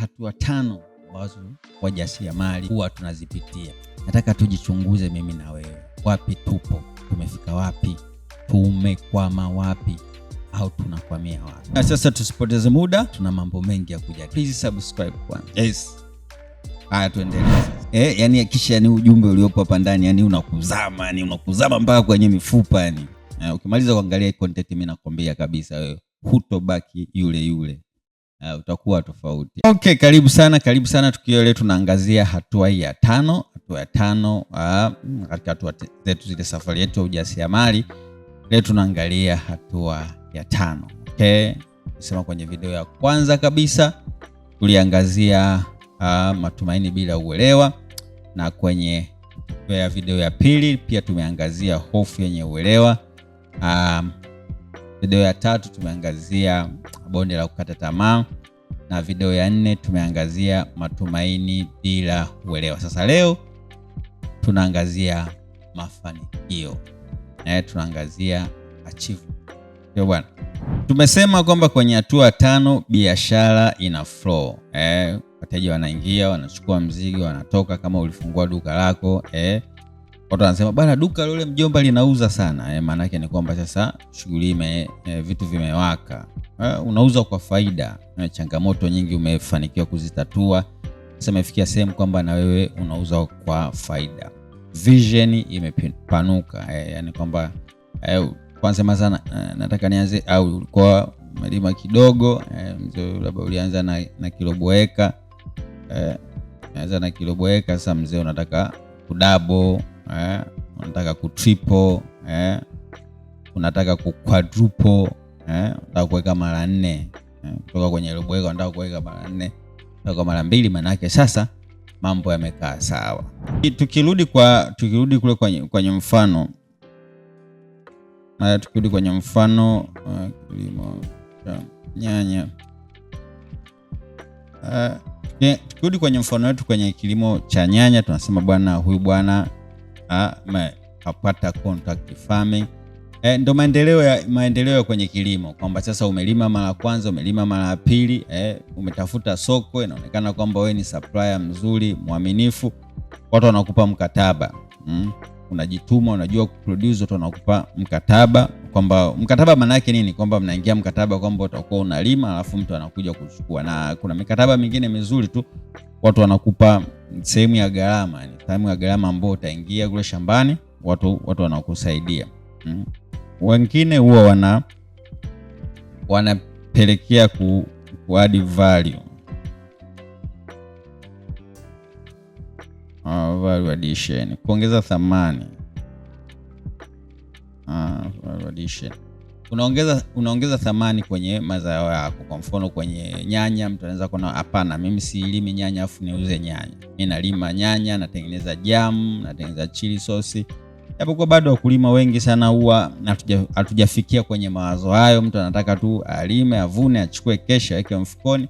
hatua tano ambazo wajasiriamali huwa tunazipitia. Nataka tujichunguze mimi na wewe, wapi tupo, tumefika wapi, tumekwama wapi au tunakwamia wapi? Na sasa tusipoteze muda, tuna mambo mengi ya kuja. Please subscribe kwanza. Yes. Haya, tuendelee sasa. Eh, yani kisha ni ujumbe uliopo hapa ndani, yani unakuzama, yani unakuzama mpaka kwenye mifupa yani. Eh, ukimaliza kuangalia content, mimi nakwambia kabisa wewe hutobaki yule yule. Uh, utakuwa tofauti. Okay, karibu sana, karibu sana. Tukio letu tunaangazia hatua ya tano, hatua ya tano ah, katika hatua zetu zile safari yetu ya ujasiriamali. Leo tunaangalia hatua ya tano. Okay, sema kwenye video ya kwanza kabisa tuliangazia uh, matumaini bila uelewa, na kwenye ya video ya pili pia tumeangazia hofu yenye uelewa. Um, video ya tatu tumeangazia bonde la kukata tamaa na video ya nne tumeangazia matumaini bila uelewa. Sasa leo tunaangazia mafanikio na tunaangazia achievement. Ndio bwana, tumesema kwamba kwenye hatua tano biashara ina flow eh, wateja wanaingia, wanachukua mzigo, wanatoka. Kama ulifungua duka lako eh, watu wanasema bana, duka lule mjomba linauza sana e, eh, Maana yake ni kwamba sasa shughuli ime e, vitu vimewaka e, unauza kwa faida e, changamoto nyingi umefanikiwa kuzitatua. Sasa imefikia sehemu kwamba na wewe unauza kwa faida, vision imepanuka e, yani kwamba e, kwanza mazana e, nataka nianze au ulikuwa umelima kidogo e, mzee labda ulianza na, na kiloboeka eh, anza na kiloboeka. Sasa mzee unataka kudabo eh, unataka ku triple eh, unataka ku quadruple eh, unataka kuweka mara nne eh, kutoka eh, kwenye robo yako unataka kuweka mara nne kutoka mara mbili, manake sasa mambo yamekaa sawa. Tukirudi kwa tukirudi kule kwenye, kwenye mfano haya, tukirudi kwenye mfano eh, kilimo cha nyanya uh, tukirudi kwenye mfano wetu kwenye kilimo cha nyanya tunasema bwana, huyu bwana kapata contract farming. Eh, ndo maendeleo ya maendeleo kwenye kilimo kwamba sasa umelima mara kwanza, umelima mara ya pili, eh, umetafuta soko, inaonekana kwamba wewe ni supplier mzuri mwaminifu, watu wanakupa mkataba mm. Unajituma, unajua kuproduce, watu wanakupa mkataba kwamba mkataba maana yake nini? Kwamba mnaingia mkataba kwamba utakuwa unalima alafu mtu anakuja kuchukua, na kuna mikataba mingine mizuri tu, watu wanakupa sehemu ya gharama, yani sehemu ya gharama ambayo utaingia kule shambani, watu watu wanakusaidia mm. Wengine huwa wana wanapelekea ku, ku add value uh, value addition kuongeza thamani Ah, unaongeza unaongeza thamani kwenye mazao yako. Kwa mfano kwenye nyanya, mtu anaweza kuona hapana, mimi silimi nyanya afu niuze nyanya. Mimi nalima nyanya, natengeneza jamu, natengeneza chili sosi, japokuwa bado wakulima wengi sana huwa hatujafikia kwenye mawazo hayo. Mtu anataka tu alime, avune, achukue kesha, aweke mfukoni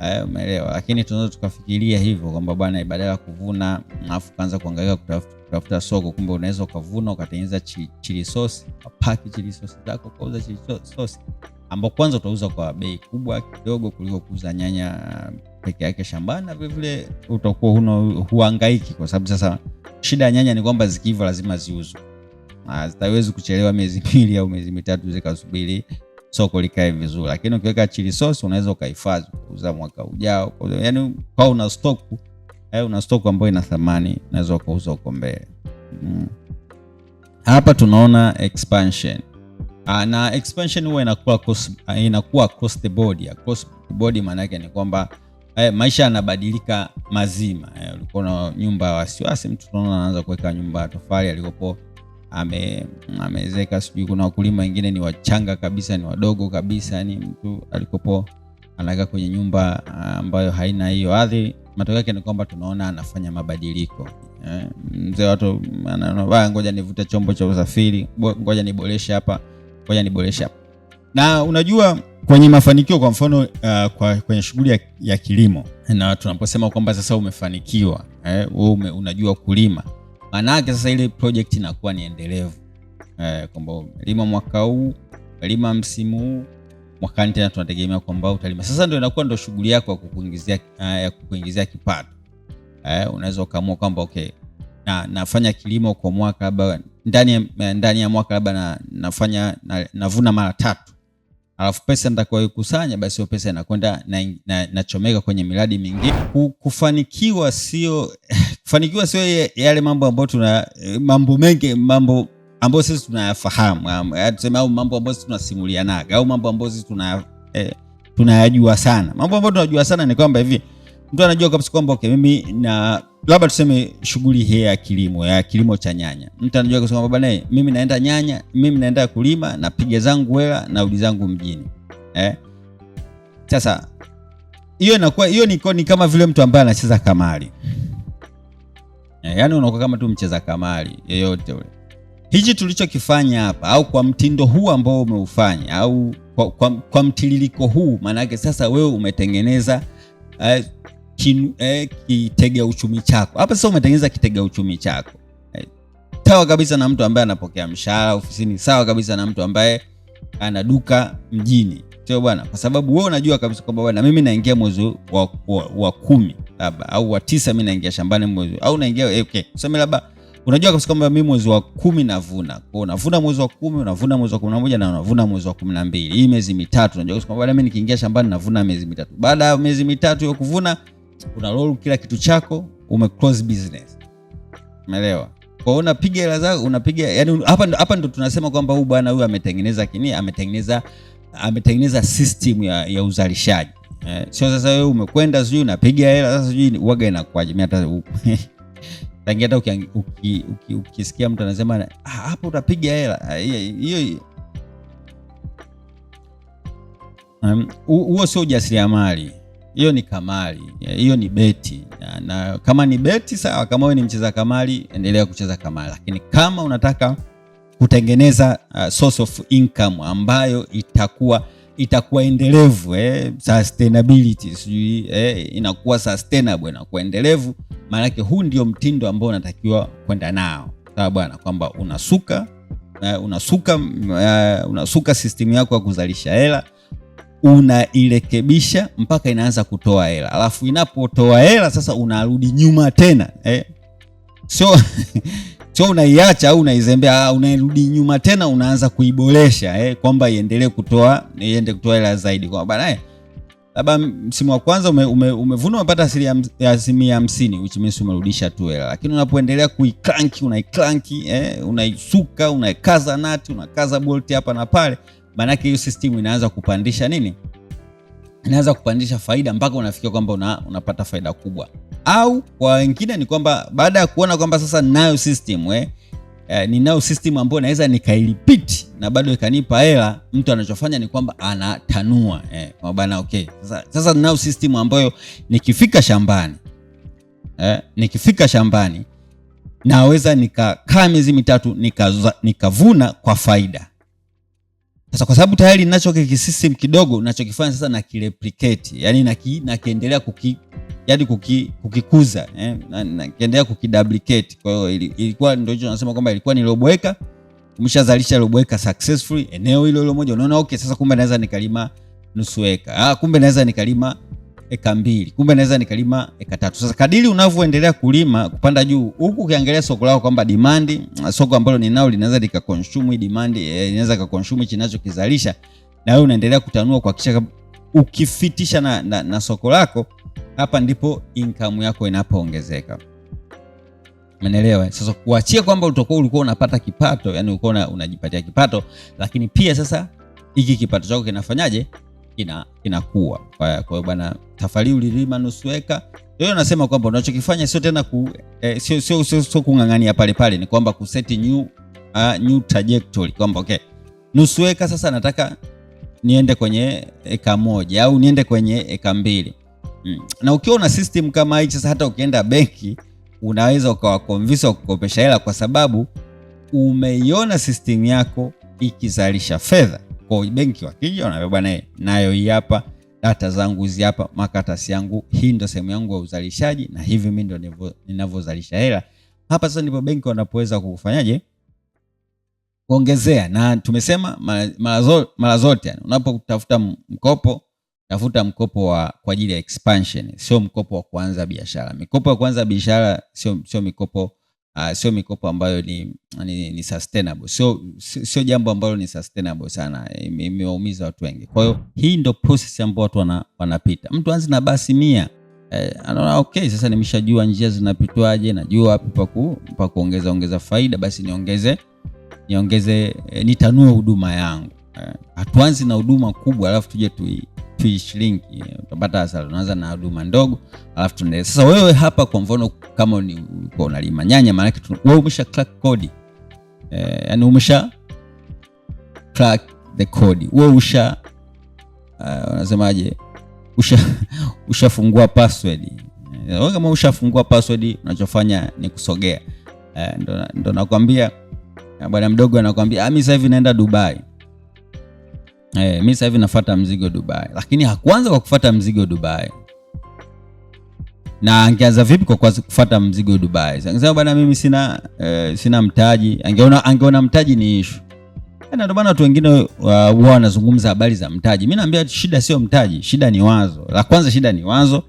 eh, umeelewa. Lakini tunaweza tukafikiria hivyo kwamba bwana, eh, badala ya kuvuna alafu kaanza kuangalia kutafuta soko, kumbe unaweza ukavuna ukatengeneza chili sosi, upaki chili sosi zako ukauza chili sosi ambao kwanza utauza kwa bei kubwa kidogo kuliko kuuza nyanya peke yake shambani, na vilevile utakuwa huangaiki, kwa sababu sasa shida ya nyanya ni kwamba zikiiva lazima ziuzwe, ah, zitawezi kuchelewa miezi mbili au miezi mitatu zikasubiri soko likae vizuri, lakini ukiweka chili sauce unaweza ukahifadhi kuuza mwaka ujao, yani kwa una stock eh, una stock ambayo ina thamani, unaweza ukauza huko mbele mm. Hapa tunaona expansion ah, na expansion huwa inakuwa cost, ah, inakuwa across the board. Across the board maana yake ni kwamba eh, maisha yanabadilika mazima. eh, Ulikuwa na nyumba ya wasiwasi, mtu tunaona anaanza kuweka nyumba ya tofali alikopo ameezeka, sijui kuna wakulima wengine ni wachanga kabisa, ni wadogo kabisa, yani mtu alikopo anakaa kwenye nyumba ah, ambayo haina hiyo ardhi. Matokeo yake ni kwamba tunaona anafanya mabadiliko eh, Mzee watu anaona ngoja nivute chombo cha usafiri, ngoja niboreshe hapa, ngoja niboreshe hapa. Na unajua kwenye mafanikio kwa mfano uh, kwa, kwenye shughuli ya, ya kilimo na tunaposema kwamba sasa umefanikiwa eh, wewe unajua kulima maana yake sasa ile project inakuwa ni endelevu eh, kwamba umelima mwaka huu umelima msimu huu mwakani tena tunategemea kwamba utalima. Sasa ndio inakuwa ndio shughuli yako ya kukuingizia eh, ya kukuingizia kipato eh, unaweza ukaamua kwamba okay na nafanya kilimo kwa mwaka labda ndani ya ndani ya mwaka labda na, nafanya na, navuna mara tatu alafu pesa nitakayokusanya basi hiyo pesa inakwenda na, na, na kwenye miradi mingine. Kufanikiwa sio Fanikiwa sio yale mambo ambayo tuna eh, mambo mengi, mambo ambayo sisi tunayafahamu, tuseme au mambo ambayo sisi tunasimulianaga au mambo ambayo sisi tuna eh, tunayajua sana. Mambo ambayo tunajua sana ni kwamba hivi mtu anajua kabisa kwamba okay, mimi na labda tuseme shughuli hii ya kilimo ya kilimo cha nyanya, mtu anajua kusema baba naye, eh, mimi naenda nyanya, mimi naenda kulima, napiga zangu hela, narudi zangu mjini eh. Sasa hiyo inakuwa hiyo ni kama vile mtu ambaye anacheza kamari Eh, yaani unakuwa kama tu mcheza kamari yeyote ule. Hichi tulichokifanya hapa au kwa mtindo huu ambao umeufanya au kwa, kwa, kwa mtiririko huu, maanake sasa wewe umetengeneza eh, kin, eh, kitega uchumi chako hapa sasa, umetengeneza kitega uchumi chako eh, sawa kabisa na mtu ambaye anapokea mshahara ofisini, sawa kabisa na mtu ambaye ana duka mjini sio bwana, kwa sababu wewe unajua kabisa kwamba bwana, mimi naingia mwezi wa, wa, wa kumi labda au wa tisa, mimi naingia shambani mwezi au naingia eh, okay, tuseme labda unajua kabisa kwamba mimi mwezi wa kumi navuna. Kwa hiyo unavuna mwezi wa kumi, unavuna mwezi wa kumi na moja na unavuna mwezi wa kumi na mbili. Hii miezi mitatu unajua kabisa kwamba mimi nikiingia shambani navuna miezi mitatu. Baada ya miezi mitatu ya kuvuna, una roll kila kitu chako, ume close business, umeelewa? Kwa hiyo unapiga hela zako, unapiga yani, hapa hapa ndo tunasema kwamba huyu bwana huyu ametengeneza kini, ametengeneza ametengeneza system ya, ya uzalishaji eh, sio sasa wewe umekwenda sijui unapiga hela sasa sijui uwaga inakwaje tangia hata ukisikia mtu anasema ah, hapo utapiga hela ah, hiyo um, huo um, sio ujasiriamali, hiyo ni kamari, eh, hiyo ni beti na, na kama ni beti sawa. Kama wewe ni mcheza kamari, endelea kucheza kamari, lakini kama unataka kutengeneza uh, source of income ambayo itakuwa itakuwa endelevu eh, sustainability sijui eh, inakuwa sustainable inakuwa endelevu. Maanake huu ndio mtindo ambao unatakiwa kwenda nao, sawa bwana, kwamba unasuka eh, unasuka eh, unasuka system yako ya kuzalisha hela unairekebisha mpaka inaanza kutoa hela, alafu inapotoa hela sasa unarudi nyuma tena eh. So sio unaiacha au unaizembea, ah, unairudi nyuma tena unaanza kuiboresha eh, kwamba iendelee kutoa iende kutoa hela zaidi kwa bana. Eh, labda msimu wa kwanza ume, ume, umepata asilimia hamsini which means umerudisha tu hela, lakini unapoendelea kuiklanki unaiklanki eh, unaisuka unaikaza nati unakaza bolti hapa na pale, maanake hiyo system inaanza kupandisha nini inaweza kupandisha faida mpaka unafikia kwamba una, unapata faida kubwa. Au kwa wengine ni kwamba baada ya kuona kwamba sasa ninayo system we, eh, ninayo system ambayo naweza nikairipiti na bado ikanipa hela, mtu anachofanya ni kwamba anatanua eh, kwa bana okay, sasa, sasa ninayo system ambayo nikifika shambani eh, nikifika shambani naweza nikakaa miezi mitatu nikavuna nika kwa faida sasa kwa sababu tayari ninacho kisystem kidogo ninachokifanya sasa na kireplicate, yani na ki, na kiendelea kuki yani kuki, kukikuza eh, na, na kiendelea kukiduplicate. Kwa hiyo ilikuwa ndio hicho nasema kwamba ilikuwa niloboeka umeshazalisha roboeka successfully eneo hilo hilo moja, unaona okay, sasa kumbe naweza nikalima nusu eka, ah, kumbe naweza nikalima eka mbili, kumbe naweza nikalima eka tatu. Sasa kadiri unavyoendelea kulima kupanda juu, huku ukiangalia soko lako kwamba demand, soko ambalo ninao linaweza likakonsume demand, eh, linaweza kakonsume hichi ninachokizalisha, na wewe unaendelea kutanua kuhakikisha ukifitisha na, na, na soko lako. Hapa ndipo income yako inapoongezeka. Umeelewa? Sasa kuachia kwamba utakuwa ulikuwa unapata kipato, yani ulikuwa unajipatia kipato, lakini pia sasa hiki kipato chako kinafanyaje? ina inakuwa. Kwa hiyo bwana, tafali ulilima nusu eka. Leo nasema kwamba unachokifanya sio tena ku eh, sio sio sio kung'ang'ania pale pale, ni kwamba ku set new uh, new trajectory kwamba okay, nusu eka sasa nataka niende kwenye eka moja au niende kwenye eka mbili. Mm. Na ukiwa una system kama hii sasa, hata ukienda benki unaweza convince kukopesha hela, kwa sababu umeiona system yako ikizalisha fedha. Kwa benki wakija wanaambia bwana, eh, nayo hii hapa data zangu hizi hapa, makatasi yangu, hii ndo sehemu yangu ya uzalishaji na hivi mimi ndo ninavyozalisha hela hapa. Sasa ndipo benki wanapoweza kufanyaje, kuongezea. Na tumesema mara zote, yani unapotafuta mkopo, tafuta mkopo wa kwa ajili ya expansion, sio mkopo wa kuanza biashara. Mikopo ya kuanza biashara sio sio mikopo uh, sio mikopo ambayo ni, ni, ni sustainable sio sio jambo ambalo ni sustainable sana, imewaumiza watu wengi. Kwa hiyo hii ndo process ambayo watu wana, wanapita. Mtu anzi na basi mia eh, anaona okay, sasa nimeshajua njia zinapitwaje, najua wapi paku pa kuongeza ongeza faida, basi niongeze niongeze eh, nitanue huduma yangu. Eh, hatuanzi na huduma kubwa alafu tuje tuishilingi, eh, utapata hasara. Tunaanza na huduma ndogo alafu tunaendelea. Sasa wewe hapa kwa mfano kama ni kwa unalima nyanya, maana yake wewe umesha crack code eh, yani umesha crack the code wewe usha eh, unasemaje, usha ushafungua password wewe kama ushafungua password, unachofanya ni kusogea. Uh, ndo nakwambia bwana mdogo anakwambia ah, mimi sasa hivi naenda Dubai Eh, mi sasa hivi nafuata mzigo Dubai, lakini hakuanza kwa kufuata mzigo Dubai. Na angeanza vipi kwa kufuata mzigo Dubai? Angesema bwana, mimi sina eh, sina mtaji. Angeona angeona mtaji ni ishu. Eh, na ndio maana watu wengine uh, huwa uh, wanazungumza habari za mtaji. Mimi naambia shida sio mtaji, shida ni wazo. La kwanza shida ni wazo.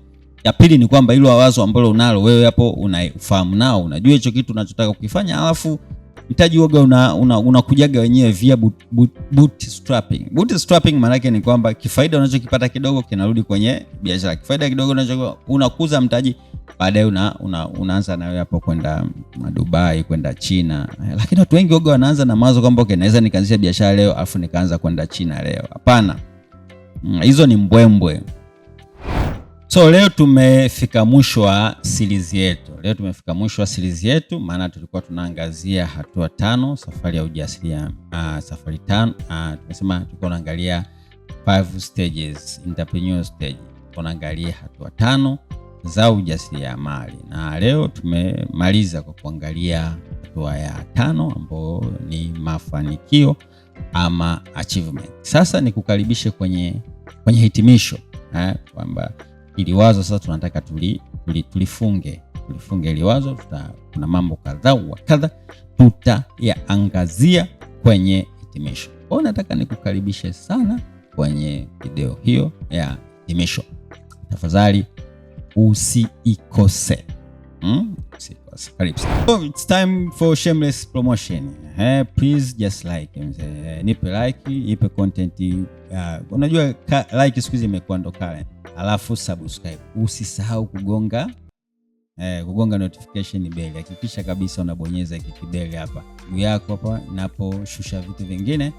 Ya pili ni kwamba hilo wazo ambalo unalo wewe hapo unaifahamu nao, unajua hicho kitu unachotaka kukifanya alafu mtaji woga unakujaga una, una wenyewe via boot, boot, bootstrapping. Bootstrapping maana yake ni kwamba kifaida unachokipata kidogo kinarudi kwenye biashara, kifaida kidogo unachokuwa unakuza mtaji baadaye una, una, unaanza nawe hapo kwenda Dubai kwenda China. Eh, lakini watu wengi woga wanaanza na mawazo kwamba okay, naweza nikaanzisha biashara leo afu nikaanza kwenda China leo. Hapana, mm, hizo ni mbwembwe. So leo tumefika mwisho wa series yetu. Leo tumefika mwisho wa series yetu, maana tulikuwa tunaangazia hatua tano, safari ya ujasiriamali uh, safari tano uh, tumesema tulikuwa tunaangalia five stages, entrepreneur stage. Tunaangalia hatua tano za ujasiriamali na leo tumemaliza kwa kuangalia hatua ya tano ambayo ni mafanikio ama achievement. Sasa nikukaribishe kwenye, kwenye hitimisho eh, kwamba iliwazo sasa tunataka tuli, tuli tulifunge tulifunge iliwazo tuta, kuna mambo kadhaa wa kadha tutayaangazia kwenye hitimisho. Kwa nataka nikukaribishe sana kwenye video hiyo ya hitimisho, tafadhali usiikose. Hmm? Oh, it's time for shameless promotion. Hey, please just like. Nipe like, ipe content. Uh, unajua like siku hizi imekuwa ndo current alafu subscribe. Usisahau kugonga eh, kugonga notification bell. Hakikisha kabisa unabonyeza kikideli hapa juu yako hapa naposhusha vitu vingine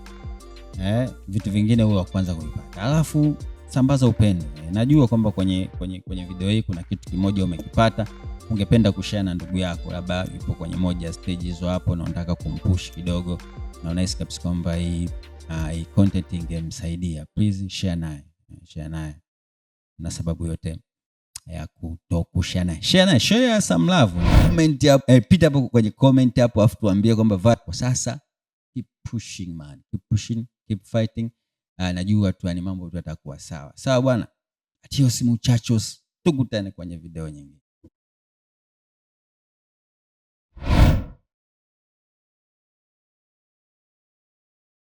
eh, vitu vingine huwa kwanza kuipata, alafu sambaza upendo. Eh, najua kwamba kwenye, kwenye, kwenye video hii kuna kitu kimoja umekipata ungependa kushare na ndugu yako, labda yupo kwenye moja stage hizo hapo na unataka kumpush kidogo na unahisi kabisa kwamba hii uh, hii content ingemsaidia, please share naye, share naye na sababu yote ya kutokushana shana ya some love comment hapo eh, pita hapo kwenye comment hapo, afu tuambie kwamba kwa sasa keep pushing man, keep pushing, keep fighting. Uh, najua tu ni mambo tu atakuwa sawa sawa bwana. simu chachos tukutane kwenye video nyingine.